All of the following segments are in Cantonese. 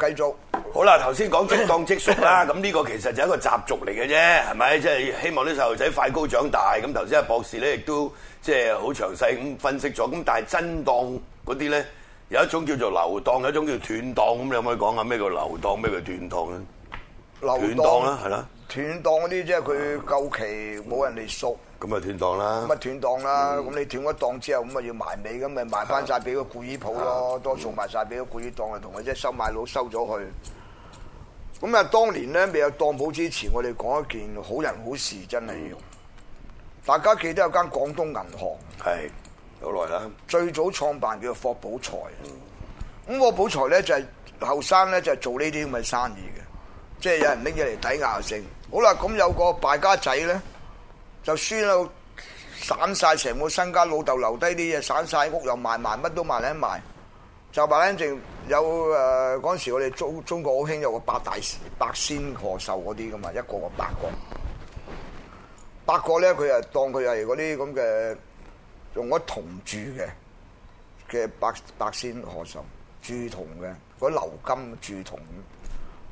繼續好啦，頭先講即當即贖啦，咁呢個其實就係一個習俗嚟嘅啫，係咪？即係希望啲細路仔快高長大。咁頭先阿博士咧，亦都即係好詳細咁分析咗。咁但係真當嗰啲咧，有一種叫做叫流當，有一種叫斷當。咁你可唔可以講下咩叫流當動，咩叫斷當咧？斷當啦，係啦，斷當嗰啲即係佢夠期冇人嚟贖。咁咪斷檔啦！咁啊斷檔啦！咁、嗯、你斷咗檔之後，咁啊要埋尾咁咪賣翻晒俾個故衣鋪咯，的多數埋晒俾個故衣檔啊，同佢即係收買佬收咗去。咁啊，當年咧未有當鋪之前，我哋講一件好人好事，真係，的大家記得有間廣東銀行，係好耐啦。最早創辦叫做霍寶財，咁霍、嗯、寶財咧就係後生咧就係做呢啲咁嘅生意嘅，即、就、係、是、有人拎嘢嚟抵押性。好啦，咁有個敗家仔咧。就輸到散晒，成個身家，老豆留低啲嘢，散晒。屋又賣賣，乜都賣甩賣，就白一剩有嗰、呃、嗰陣時，我哋中中國好興有個八大百仙賀壽嗰啲噶嘛，一個個八個，八個咧佢啊當佢係嗰啲咁嘅用咗銅鑄嘅嘅百百仙賀壽，鑄銅嘅，嗰啲鎏金鑄銅嘅，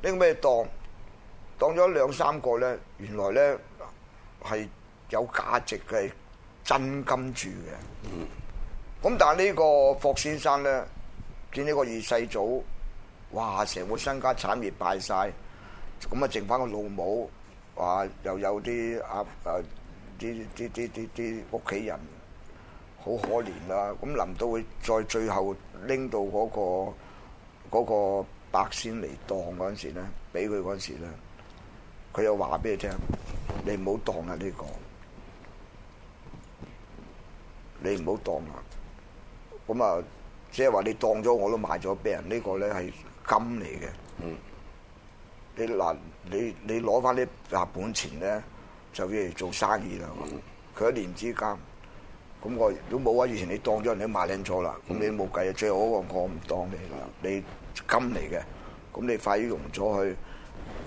拎咩當當咗兩三個咧，原來咧係。有價值嘅真金住嘅，咁、嗯、但係呢個霍先生咧，見呢個二世祖，哇！成個身家產業敗晒，咁啊，剩翻個老母，哇！又有啲阿誒啲啲啲啲啲屋企人好可憐啦、啊。咁、嗯、林到臨到佢在最後拎到嗰、嗰個嗰個白仙嚟當嗰陣時咧，俾佢嗰陣時咧，佢又話俾佢聽：，你唔好當啊、呢個！呢個你唔好當啦，咁啊，即係話你當咗我都買咗，俾人呢個咧係金嚟嘅。嗯，你嗱你你攞翻啲夾本錢咧，就要嚟做生意啦。佢一年之間，咁我都冇話以前你當咗人，你買定咗啦，咁你冇計啊。最好個我唔當你啦，你金嚟嘅，咁你快啲用咗去，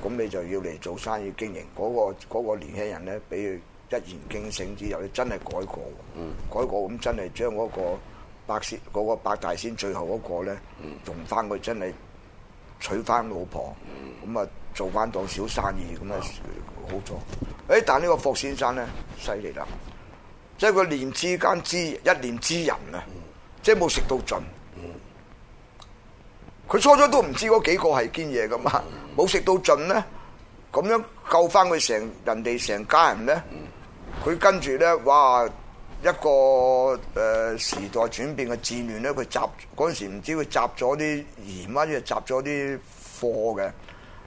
咁你就要嚟做生意經營。嗰個嗰個年輕人咧，俾佢。一言驚醒之後，你真係改過，改過咁真係將嗰個百仙嗰個八大仙最後嗰個咧，用翻佢真係娶翻老婆，咁啊做翻檔小生意，咁啊、嗯、好咗。誒，但呢個霍先生咧犀利啦，即係佢念之間之一念之仁啊，即係冇食到盡。佢初初都唔知嗰幾個係堅嘢噶嘛，冇食到盡咧，咁樣救翻佢成人哋成家人咧。佢跟住咧，哇！一個誒時代轉變嘅戰亂咧，佢集嗰陣時唔知佢集咗啲鹽乜嘢，集咗啲貨嘅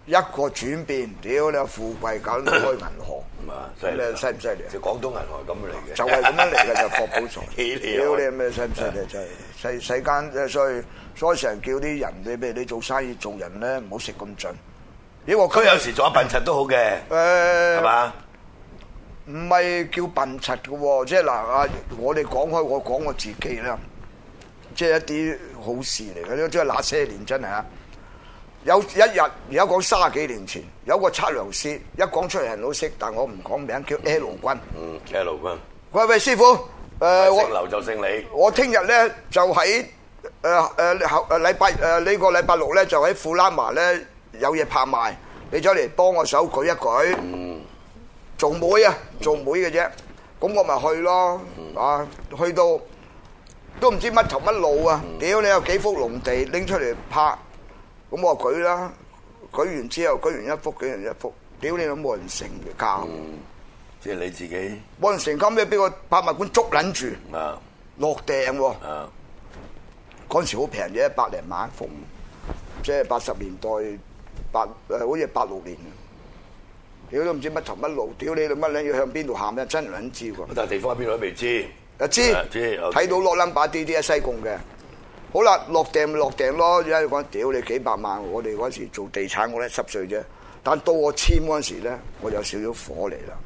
一個轉變，屌你啊！富貴搞開銀行，咁啊，犀唔犀利？即廣東銀行咁嚟嘅，就係咁樣嚟嘅就霍寶財，屌你咩犀唔犀利？就世、是、世間即係所以，所以成日叫啲人，你譬如你做生意做人咧，唔好食咁盡。如果佢有時做下笨柒都好嘅，係嘛、欸？唔係叫笨柒嘅，即係嗱啊！我哋講開，我講我自己啦，即係一啲好事嚟嘅，即係那些年真係啊！有一日而家講卅幾年前，有個測量師，一講出嚟人都識，但我唔講名，叫阿盧君。嗯，阿盧君。喂喂，師傅，誒，我姓劉就姓李。我聽日咧就喺誒誒後誒禮拜誒呢個禮拜六咧就喺富拉瑪咧有嘢拍賣，你再嚟幫我手舉一舉。做媒啊，做媒嘅啫，咁我咪去咯，啊，去到都唔知乜頭乜路啊！屌你有幾幅農地拎出嚟拍，咁我舉啦，舉完之後舉完一幅，舉完一幅，屌你都冇人成交。即係你自己冇人成交咩？俾個博物館捉捻住，落訂喎。嗰時好平啫，百零萬一幅，即係八十年代八誒，好似八六年。屌都唔知乜頭乜路，屌你乜咧要向邊度喊咧，真唔肯知喎。但係地方喺邊我都未知道。啊知道，睇到落 number 啲啲喺西貢嘅。好啦，落訂咪落訂咯。而家你講，屌你幾百萬，我哋嗰時做地產，我咧濕碎啫。但到我簽嗰時咧，我就有少少火嚟啦。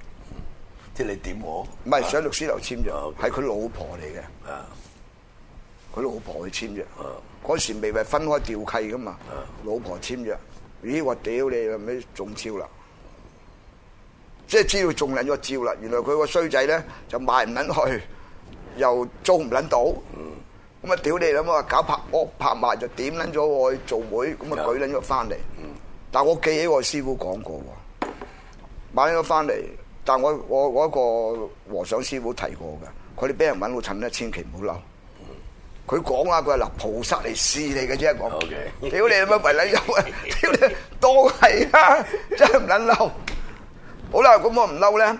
即係你點我？唔係，上律師樓簽咗，係佢 Yeah. 老婆嚟嘅。佢 Yeah. 老婆去簽約。嗰時未咪分開調契噶嘛。老婆簽約。咦，我屌你了，咪中招啦！即係只要仲捻咗照啦，原來佢個衰仔咧就賣唔捻去，又租唔捻到，咁啊屌你啦！我搞拍屋拍賣就點捻咗我去做妹，咁啊舉捻咗翻嚟。但係我記起我師傅講過，買咗翻嚟，但係我我我一個和尚師傅提過噶，佢哋俾人揾老襯咧，千祈唔好嬲。佢講啊，佢話嗱，菩薩嚟試你嘅啫，我屌你媽肥捻肉啊！屌你都係啊，真唔捻嬲。好啦，咁我唔嬲咧，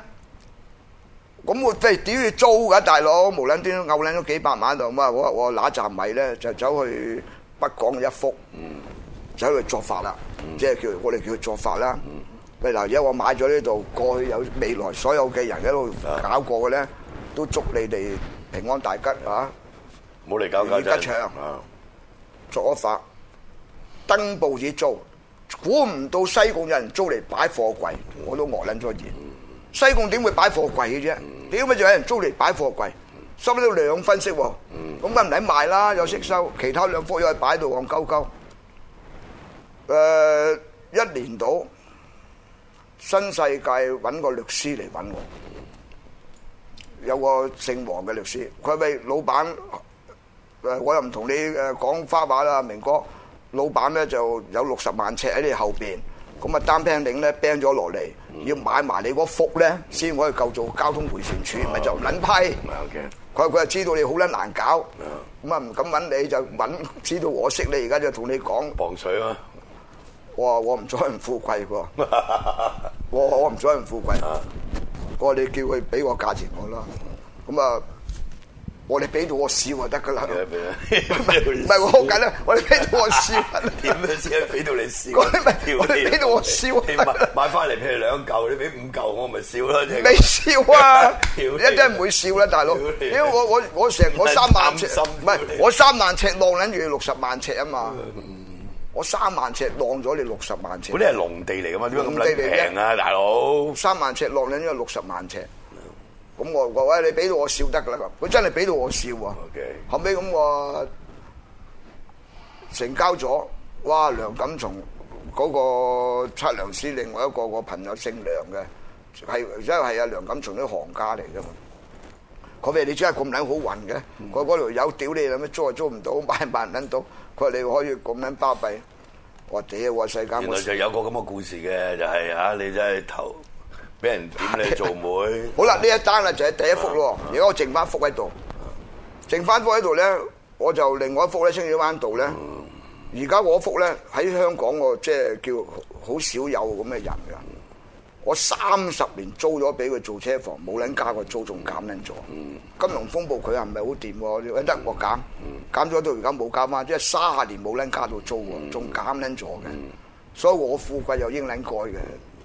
咁我即係屌要租噶大佬，冇卵癲，牛卵咗幾百萬度，咁啊，我我揦扎米咧就走去北港一幅，走去作法啦，即係叫我哋叫作法啦。喂嗱，而家我買咗呢度，過去有未來所有嘅人喺度搞過嘅咧，都祝你哋平安大吉啊！唔好嚟搞搞咋，祝我發登報紙做。估唔到西貢有人租嚟擺貨櫃，我都愕撚咗住。西貢點會擺貨櫃嘅啫？點解仲有人租嚟擺貨櫃？收咗兩分息喎，咁梗係唔使賣啦，有息收。其他兩幅又係擺到戇鳩鳩。誒，一年度新世界揾個律師嚟揾我，有個姓黃嘅律師，佢係咪老闆？誒，我又唔同你誒講花話啦，明哥。老闆咧就有六十萬尺喺你後邊，咁啊 down band 頂咧 band 咗落嚟，要買埋你嗰幅咧先可以夠做交通迴旋處，咪就撚批。唔係 OK，佢佢啊知道你好撚難搞，咁啊唔敢揾你就揾知道我識你，而家就同你講。防水啊！我我唔阻人富貴喎，我我唔阻人富貴。我你叫佢俾個價錢我啦，咁啊。我哋俾到我笑就得噶啦，唔係我好我緊啦，我哋俾到我笑，點樣先俾到你笑？我哋俾到我笑，買買翻嚟俾你兩嚿，你俾五嚿我咪笑啦，你未笑啊？你一定唔會笑啦，大佬，因為我我我成我三萬尺，唔係我三萬尺浪緊住六十萬尺啊嘛，我三萬尺浪咗你六十萬尺。嗰啲係農地嚟噶嘛？點解咁平啊，大佬？三萬尺浪緊咗六十萬尺。咁我，喂，你俾到我笑得㗎啦！佢真係俾到我笑啊！後尾咁我成交咗，哇！梁錦松嗰個測量師，另外一個個朋友姓梁嘅，係因為係阿梁錦松啲行家嚟㗎嘛。佢話你真係咁捻好運嘅，佢嗰條友屌你，咁樣租又租唔到，買又買唔到。佢話你可以咁捻巴閉，我屌我世界。原來就有個咁嘅故事嘅，就係啊，你真係頭。俾人點你做妹？好啦，呢一單啦就係第一幅咯，而家我剩翻一幅喺度，剩翻幅喺度咧，我就另外一幅咧，清水灣度咧。而家我幅咧喺香港，我即係叫好少有咁嘅人嘅。我三十年租咗俾佢做車房，冇撚加個租，仲減撚咗。金融風暴佢又唔係好掂？你話得我減，減咗到而家冇減翻，即係卅年冇撚加到租喎，仲減撚咗嘅。所以我富貴又應撚改嘅。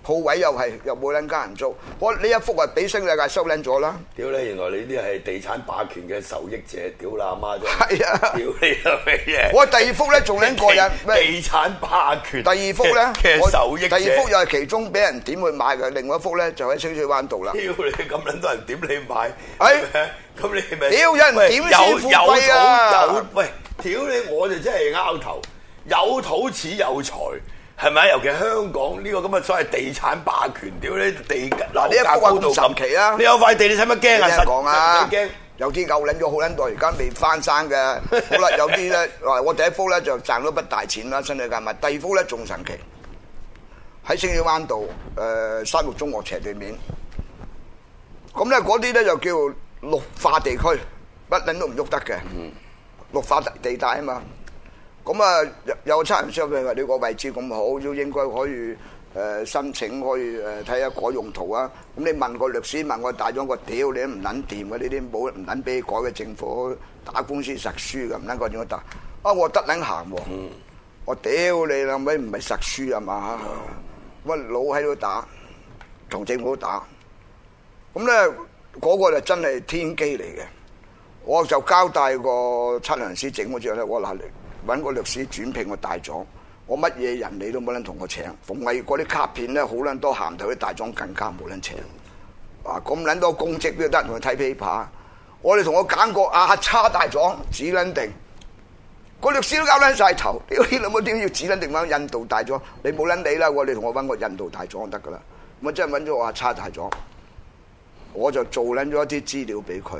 鋪位又係又冇撚家人租，我呢一幅啊俾新世界收拎咗啦。屌你！原來你啲係地產霸權嘅受益者，屌你阿媽啫！屌你啊乜嘢？我第二幅咧仲拎過人，地產霸權。第二幅咧受益者。第二幅又係其中俾人點去買嘅，另外一幅咧就喺清水灣度啦。屌你！咁撚多人點你買？哎，咁你屌！有人點先富啊？喂，屌你！我哋真係拗頭，有土始有財。係咪啊？尤其香港呢個咁嘅所謂地產霸權，屌你地嗱呢一幅都神奇啦！你有塊地，你使乜驚啊？香港啊，驚有啲牛捻咗好捻耐，而家未翻生嘅。好啦，有啲咧，我第一幅咧就賺咗筆大錢啦，身家界咪第二幅咧仲神奇，喺星月灣度，誒，三木中學斜對面。咁咧嗰啲咧就叫綠化地區，乜捻都唔喐得嘅，綠化地地帶啊嘛。咁啊，有測量商評話你個位置咁好，都應該可以誒申請，可以誒睇下改用途啊。咁你問個律師，問個大將，我屌你都唔撚掂嘅，呢啲冇唔撚俾改嘅，政府打官司實輸嘅，唔撚點樣打。啊，我得撚行喎，我屌你啦，咩唔係實輸啊嘛？屈老喺度打同政府打，咁咧嗰個就真係天機嚟嘅。我就交帶個測量師整咗之後咧，我攔你。揾個律師轉聘個大狀，我乜嘢人你都冇撚同我請。馮偉嗰啲卡片咧，好撚多銜頭啲大狀更加冇撚請。話咁撚多公職邊得同佢睇皮扒？我哋同我揀個阿叉大狀，指撚定。個律師都搞撚晒頭，屌你老母點要指撚定揾印度大狀？你冇撚理啦！我你同我揾個印度大狀得㗎喇。就了我真係揾咗我阿叉大狀，我就做撚咗一啲資料俾佢。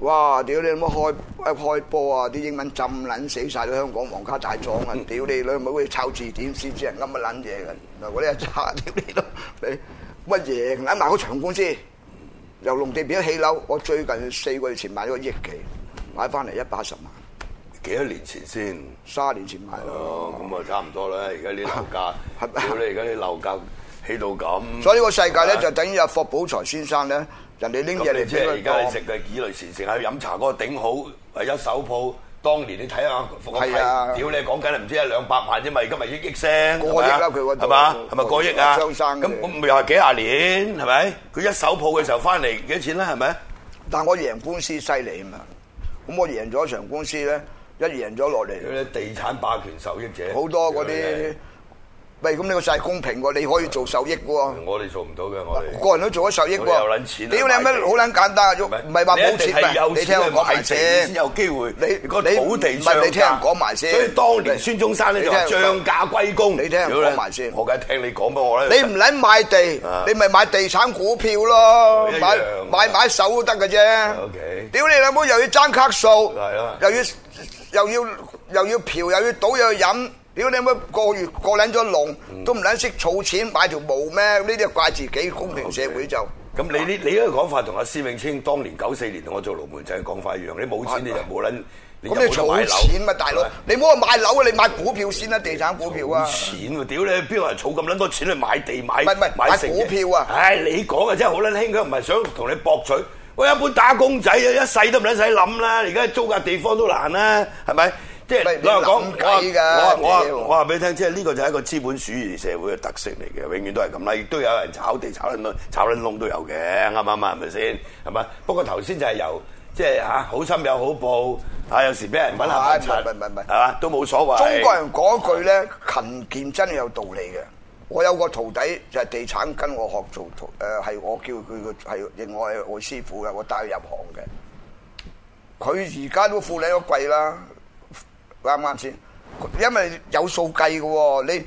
哇！屌你咁多開一開波啊！啲英文浸撚死曬都香港皇家大莊啊！屌你老母，抄字典先知人噏乜撚嘢嘅嗱！我呢下屌你都乜嘢？攬埋個長官先由農地變咗起樓。我最近四個月前買咗個億期，買翻嚟一百十萬。幾多年前先？三十年前買咯。哦，咁啊，差唔多啦。而家啲樓價屌你！而家啲樓價起到咁。所以呢個世界咧就等於阿霍寶財先生咧。人哋拎嘢嚟即係而家他他你食嘅幾類事，成日去飲茶嗰個頂好，係一手鋪。當年你睇下，服個睇，屌的你講緊啊，唔知一兩百萬啫嘛？而家咪億億聲，係咪啊？係嘛？係咪過億啊？張生咁咁唔係幾廿年係咪？佢一手鋪嘅時候翻嚟幾多錢啦？係咪？但我贏官司犀利啊嘛！咁我贏咗一場官司咧，一贏咗落嚟。佢啲地產霸權受益者好多嗰啲。喂，咁呢個就係公平喎，你可以做受益嘅喎。我哋做唔到嘅，我哋。個人都做咗受益嘅喎。又捻錢啊！屌你兩蚊，好捻簡單啊！唔係話冇錢咩？你聽我講埋先。有地先有機會。你如果土地唔係你聽我講埋先。所以當年孫中山咧就漲價歸公。你聽我講埋先。我梗係聽你講俾我咧？你唔捻買地，你咪買地產股票咯，買買買手都得嘅啫。O K。屌你老母，又要爭卡數，又要又要又要嫖，又要賭，又要飲。屌你阿妹個月個撚咗籠，都唔撚識儲錢買條毛咩？呢啲係怪自己，公平社會就。咁你呢？你呢個講法同阿施永青當年九四年同我做龍門仔嘅講法一樣。你冇錢你就冇撚，咁你儲錢嘛，大佬，你唔好話買樓啊，你買股票先啦，地產股票啊。錢喎，屌你，邊個係儲咁撚多錢去買地買？唔係唔係，買股票啊！唉，你講嘅真係好撚輕嘅，唔係想同你博取。喂一般打工仔，一一世都唔撚使諗啦，而家租架地方都難啦，係咪？即係你又講唔講㗎，我話我話我話俾你聽，即係呢個就係一個資本主義社會嘅特色嚟嘅，永遠都係咁啦。亦都有人炒地炒卵炒卵窿都有嘅，啱啱啱？係咪先？係咪？不過頭先就係由即係嚇好心有好報，嚇、啊、有時俾人揾下揾下，係嘛、啊？都冇所謂。中國人講句咧，是勤儉真係有道理嘅。我有個徒弟就係、是、地產跟我學做徒，誒、呃、係我叫佢個係另外我師傅嘅，我帶佢入行嘅。佢而家都富你一貴啦。啱啱先？因為有數計嘅喎，你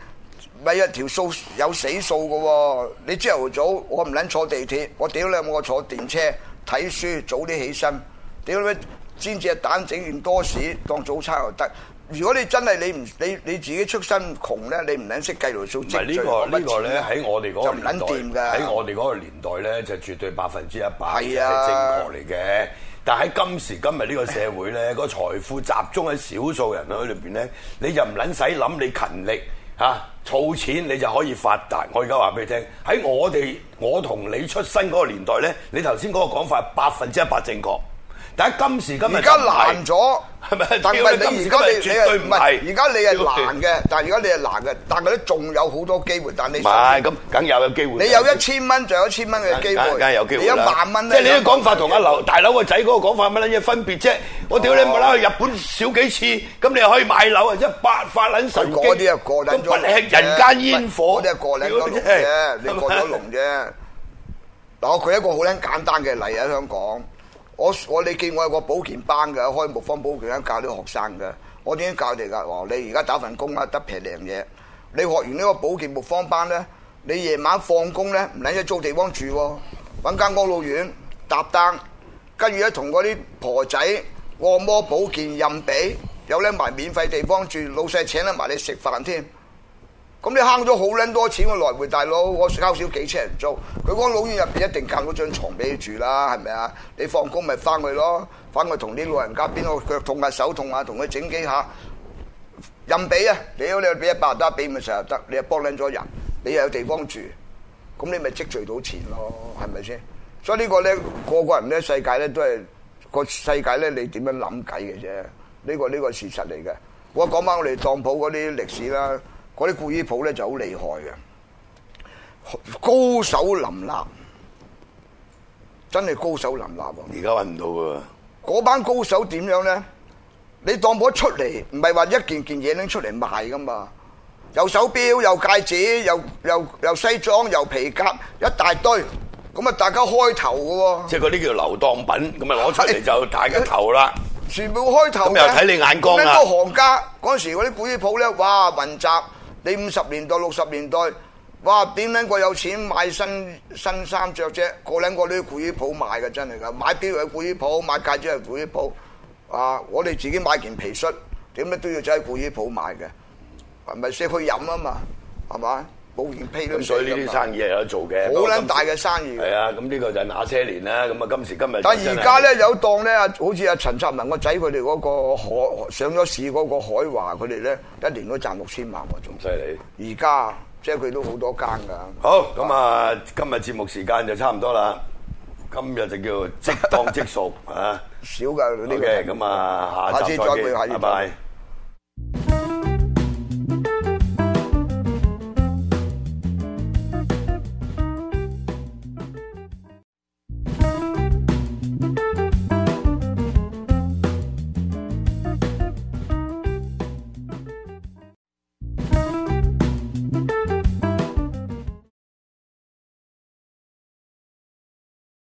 咪一條數有死數嘅喎。你朝頭早我唔撚坐地鐵，我屌你，我坐電車睇書，早啲起身，屌你，煎隻蛋整件多士當早餐又得。如果你真係你唔你你自己出身窮咧，你唔撚識計條數，即係呢個呢、呢個咧喺、呢個、錢我哋嗰個年代喺我哋嗰個年代咧就絕對百分之一百係正確嚟嘅。但喺今時今日呢個社會咧，唉 嗰個財富集中喺少數人裏面呢咧，你就唔撚使諗你勤力嚇儲錢，你就可以發達。我而家話俾你聽，喺我哋我同你出生嗰個年代咧，你頭先嗰個講法百分之一百正確。但係今時今日，而家難咗，但係你而家你你係唔係？而家你係難嘅，但係而家你係難嘅。但係咧，仲有好多機會。但係唔係咁，梗又有機會。你有一千蚊，仲有一千蚊嘅機會，梗係有機會啦。你一萬蚊咧，即係你啲講法同阿樓大樓個仔嗰個講法有乜撚嘢分別啫？我屌你冇拉去日本少幾次，咁你又可以買樓啊？即係八發撚神經，嗰啲啊過緊咗啦。都不吃人間煙火，嗰啲啊過咗龍啫，你過咗龍啫。嗱，我舉一個好撚簡單嘅例喺香港。我我你見我有個保健班嘅，開木方保健館教啲學生嘅，我點樣教你㗎、哦？你而家打份工啊得平靚嘢。你學完呢個保健木方班呢，你夜晚放工呢，唔使租地方住，揾間安老院搭單，呢，跟住咧同嗰啲婆仔按摩保健任比，有拎埋免費地方住，老細請得埋你食飯添。咁你慳咗好撚多錢，我來回大佬我交少幾千人租，佢講老院入邊一定揀嗰張床俾你住啦，係咪啊？你放工咪翻去咯，翻去同啲老人家邊個腳痛啊手痛啊，同佢整幾下任俾啊，好，你俾一百得俾咪成日得，你又幫撚咗人，你又有地方住，咁你咪積聚到錢咯，係咪先？所以呢個咧個個人咧世界咧都係個世界咧，你點樣諗計嘅啫？呢個呢個事實嚟嘅。我講翻我哋當鋪嗰啲歷史啦。嗰啲古衣鋪咧就好厲害嘅，高手林立，真係高手林立喎！而家揾唔到喎。嗰班高手點樣咧？你當舖一出嚟，唔係話一件件嘢拎出嚟賣噶嘛？有手錶，有戒指，又又又西裝，又皮夾，一大堆。咁啊，大家開頭嘅喎。即係嗰啲叫做流當品，咁啊攞出嚟就大家頭啦。全部開頭。咁又睇你眼光啊！咩都行家嗰陣時嗰啲古衣鋪咧，哇，雲集。你五十年代六十年代，哇！點撚個有錢買新新衫着啫，個撚個都要故衣鋪買嘅，真係噶，買表係故衣鋪，買戒指係故衣鋪，啊！我哋自己買件皮恤，點解都要走去故衣鋪買嘅，係咪先去飲啊嘛，係咪？冇完皮咯，所以呢啲生意係有得做嘅，好撚大嘅生意。係啊，咁呢個就係那些年啦，咁啊，今時今日。但係而家咧有檔咧，好似阿陳澤文個仔佢哋嗰個海上咗市嗰個海華佢哋咧，一年都賺六千萬喎，仲犀利。而家即係佢都好多間㗎。好，咁啊，今日節目時間就差唔多啦。今日就叫即當即贖啊！少㗎嗰啲嘅。咁啊，下次再會，下次再見。拜拜。